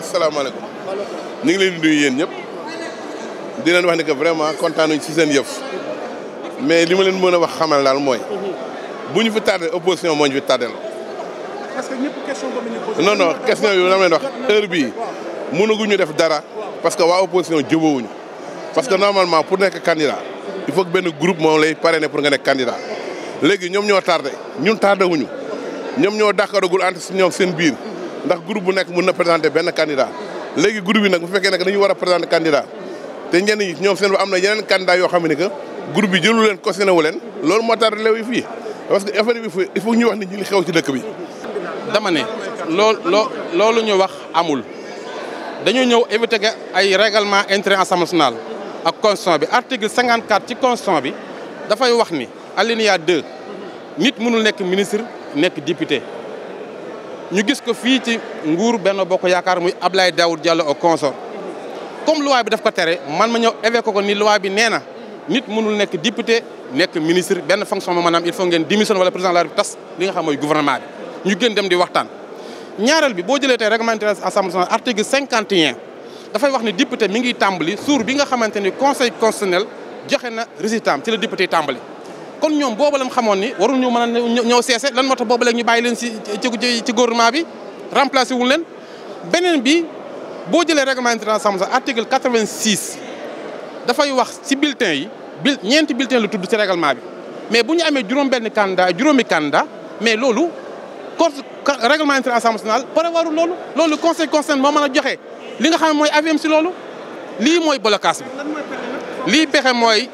asalaamaaleykum ñu ngi leen yéen ñëpp di leen wax ne que vraiment kontaan nañu ci seen yëf mais li ma leen mën a wax xamal daal mooy bu ñu fi tardé opposition mooñ ñu fi tardé la parce que ñëpp question boobu ñu posé. non non question yooyu la ma leen wax heure mënaguñu def dara parce que waa opposition jubóowuñu parce que normalement pour nekk candidat il faut que benn groupe moom lay parrainé pour nga nekk candidat léegi ñoom ñoo tardé ñun tardé wuñu ñoom ñoo dàqaragul si ñoom seen biir. ndax groupe bu nekk mun na présenter benn candidat léegi groupe bi nag bu fekkee nag dañu war a présenter candidat te ñenn yi ñoom seen ba am na yeneen candidat yoo xam ne que groupe bi jëlu leen cautionné wu leen loolu moo tax réew fii parce que affaire bi il faut ñu wax nit ñi li xew ci dëkk bi. dama ne lool loo loolu ñu wax amul dañu ñëw éviter que ay règlement intérieur Assemblée nationale ak constitution bi article 54 ci constitution bi dafay wax ni alinéa 2 nit mënul nekk ministre nekk député. ñu gis ko fii ci nguur benn bokk yaakaar muy Ablaye Daoud Diallo o consort comme loi bi daf ko tere man ma ñëw évoqué ko ni loi bi nee na nit mënul nekk député nekk ministre benn fonction ma maanaam il faut ngeen démission wala président de la République tas li nga xam mooy bi ñu gën dem di waxtaan ñaareel bi boo jëlee tey réglementaire assemblée nationale article 51 dafay wax ne député mi ngi tàmbali suur bi nga xamante ni conseil constitutionnel joxe na résultat ci la député tàmbali kon ñoom boobu la xamoon ni warul ñu mën a ñëw seese lan moo tax boobu léegi ñu bàyyi leen si ci ci gouvernement bi remplacé wuñ leen beneen bi boo jëlee règlement intérieur assemblée article 86 dafay wax si bulletin yi bil ñeenti bulletin lu tudd si règlement bi mais bu ñu amee juróom-benn candidat juróomi candidat mais loolu corps règlement intérieur assemblée nationale pare warul loolu. loolu conseil constitutionnel moo mën a joxe li nga xam ne mooy avis si loolu lii mooy blocage bi lii pexe mooy.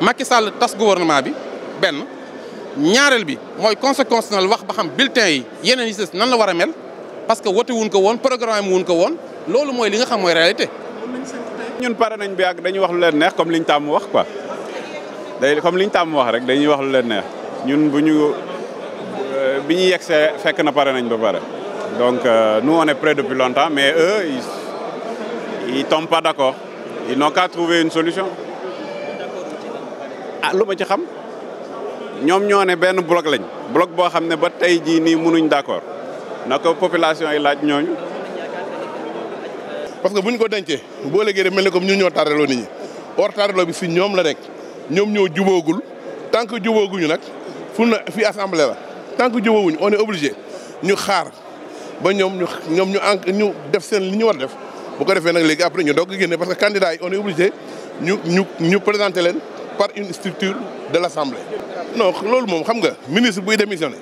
Macky Sall tas gouvernement bi benn ñaareel bi mooy conséquence nal wax ba xam bulletin yi yeneen yi des nan la war a mel parce que wote wuñ ko woon programme wuñ ko woon loolu mooy li nga xam mooy réalité. ñun pare nañ bi ak dañuy wax lu leen neex comme liñ tàmm wax quoi day comme liñ tàmm wax rek dañuy wax lu leen neex ñun bu ñu euh, bi ñu yegsee fekk na pare nañ ba pare. donc euh, nu wone est de depuis longtemps mais eux ils ils tombent d'accord ils n'ont trouver une solution. ah lu ma ci xam ñoom ñoo ne benn bloc lañ bloc boo xam ne ba tey jii nii mënuñ d'accord na ko population yi laaj ñooñu. parce que buñ ko dencee boo léegi rek mel ne comme ñu ñoo tardé loo nit ñi bi si ñoom la nekk ñoom ñoo juboogul tant que jubóoguñu nag fu na fii assemblée la tant que jubóoguñu on est obligé ñu xaar ba ñoom ñu ñoom ñu en ñu def seen li ñu war def bu ko defee nag léegi après ñu doog a génne parce que candidat yi on ñu ñu ñu présenté leen. par une structure de l'Assemblée. non loolu moom xam nga ministre buy démissionné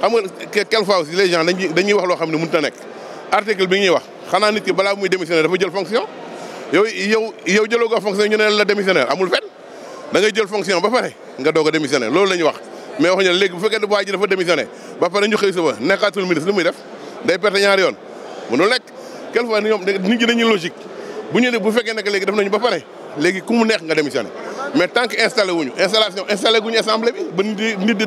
xam nga quelquefois aussi les gens dañuy wax loo xam ne mënut a nekk article bi ñuy wax xanaa nit ki balaa muy démissionné dafa jël fonction yow yow yow jëloo ko fonction ñu la démissionnaire amul da ngay jël fonction ba pare nga doog a démissionné loolu la ñuy wax. mais waxuñu ne léegi bu fekkee ne waa ji dafa démissionné ba pare ñu xëy yoon mënul nekk quelquefois ñoom nit ñi dañuy logique bu ñu bu fekkee nekk léegi def nañu ba pare léegi ku mu neex nga démissionné. mais tant que installé wuñu installation installé guñu assemblée bi ba nit di nit di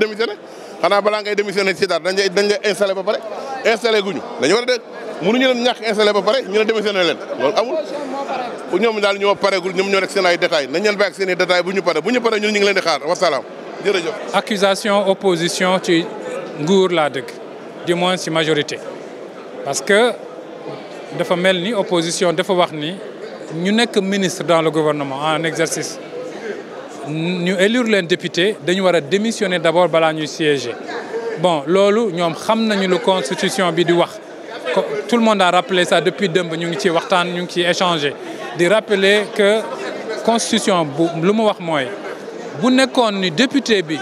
xanaa balaa ngay démissionné ci dara dañ lay dañ lay installé ba pare installé guñu dañu war a dégg mënuñu leen ñàkk installé ba pare ñu ne démissionné leen loolu amul ñoom daal ñoo paregul ñoom ñoo rek seen ay détails nañ leen bàyyi ak seen i détails bu ñu pare bu ñu pare ñun ñu ngi leen di xaar wasalaam jërëjëf accusation opposition ci nguur laa dëgg di moins si majorité parce que dafa mel ni opposition dafa wax ni ñu nekk ministre dans le gouvernement en exercice ñu élire leen député dañu war a démissionner d' abord balaa ñuy siéger bon loolu ñoom xam nañu lu constitution bi di wax tout le monde a rappelé ça depuis dëmb ñu ngi ci waxtaan ñu ngi ci échanger di rappeler que constitution bu lu mu wax mooy bu nekkoon ni député bi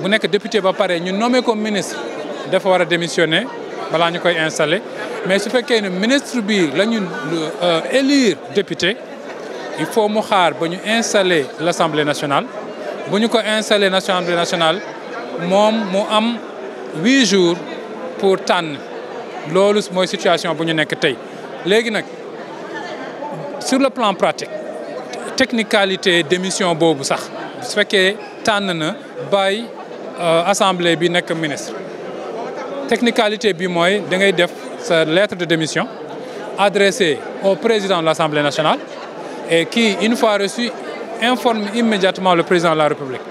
bu nekk député ba pare ñu nommé ko ministre dafa war a démissionner balaa ñu koy installer mais su fekkee ne ministre bi la ñu euh, élire député il faut mu xaar ba ñu installer l'Assemblée nationale bu ñu ko installer l'Assemblée nationale moom mu am huit jours pour tànn loolu mooy situation bu ñu nekk tey léegi nag sur le plan pratique technicalité démission boobu sax su fekkee tànn na bay euh, assemblée bi nekk ministre technicalité bi mooy da ngay def sa lettre de démission adressée au président de l'Assemblée nationale et qui une fois reçu informe immédiatement le président de la République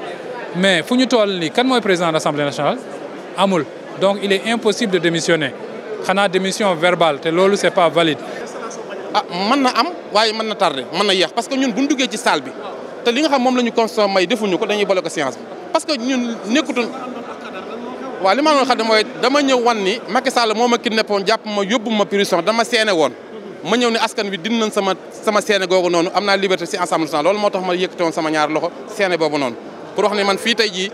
mais fu ñu toll nii kan mooy président de l'Assemblée nationale amul donc il est impossible de démissionner xanaa démission verbale te loolu c'est pas valide. ah mën na am waaye man na tardé mën na yéex parce que ñun bu ñu duggee ci salle bi te li nga xam moom la ñu constat may defuñu ko dañuy bloqué séance bi parce que ñun nekkutoon. waaw li ma doon xam ne mooy dama ñëw wan ni Macky Sall moo ma kidnappé woon jàpp ma yóbbu ma dama seene woon. ma ñëw ne askan wi din nañ sama sama seene googu noonu am naa liberté si Assemblée nationale loolu moo tax ma yëkkatoon sama ñaar loxo seene boobu noonu pour wax ne man fii tey jii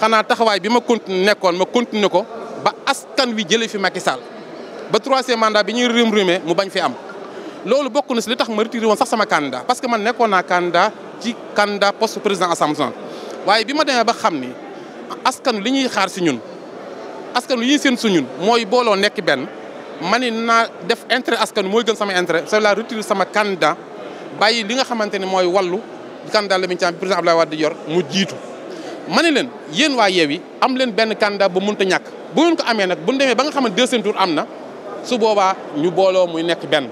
xanaa taxawaay bi ma continue nekkoon ma continuer ko ba askan wi jëlee fi ma Sall ba troisième mandat bi ñuy rëm rëmee mu bañ fi am loolu bokk na si li tax ma retiré woon sax sama candidat parce que man nekkoon naa candidat ci candidat poste président Assemblée nationale waaye bi ma demee ba xam ni askan li ñuy xaar si ñun askan yi seen su ñun mooy booloo nekk benn ma ni naa def intérêt askan mooy gën sama intérêt c'est la rupture sama candidat bàyyi li nga xamante ni mooy wàllu candidat Lamine Thiam bi président Abdoulaye Wade di yor mu jiitu. ma ne leen yéen waa Yewwi am leen benn candidat ba mun a ñàkk bu ngeen ko amee nag bu ñu demee ba nga xam ne deuxième tour am na su boobaa ñu booloo muy nekk benn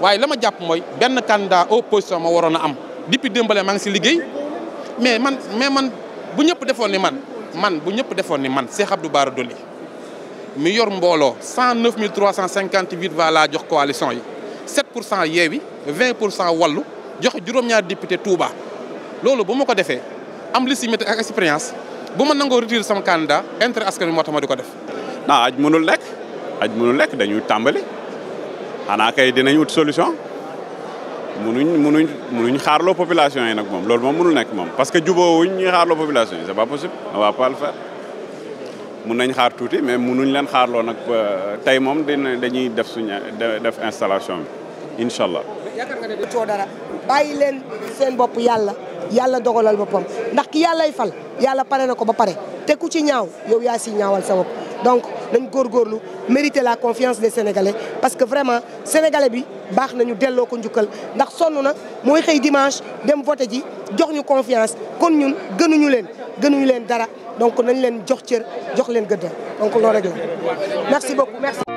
waaye la ma jàpp mooy benn candidat opposition ma waroon a am depuis démbale maa ngi si liggéey mais man mais man bu ñëpp defoon ni man man bu ñëpp defoon ni man Cheikh Abdou Bara Dolly mi yor mbooloo 109 358 voix laa jox coalition yi 7 pour cent Yewwi pour cent Wallu jox juróom-ñaar député Touba. loolu bu ma ko defee am li si métti ak expérience bu ma nangoo retirer sama candidat intérêt askan wi moo tax ma di ko def. non aj mënul nekk aj mënul nekk dañuy tàmbali xanaa kay dinañ wut solution munuñ munuñ munuñ xaarloo population yi nag moom loolu moom mënul nekk moom parce que jubóowuñ ñuy xaarloo population yi c'est pas possible on va pas le faire. mun nañ xaar tuuti mais munuñ leen xaarloo nag ba tey moom dina dañuy def suñu def installation bi incha allah. yaakaar nga ne du leen seen bopp yàlla yàlla dogalal boppam ndax ki yàllay fal yàlla pare na ko ba pare te ku ci ñaaw yow yaa si ñaawal sa bopp donc nañ góorgóorlu mériter la confiance des sénégalais parce que vraiment sénégalais bi baax nañu delloo ko njukkal ndax sonn na mooy xëy dimanche dem voté ji jox ñu confiance kon ñun gënuñu leen gënuñu leen dara. donc nañ leen jox cër jox leen gëdd donc loolu rek la merci beaucoup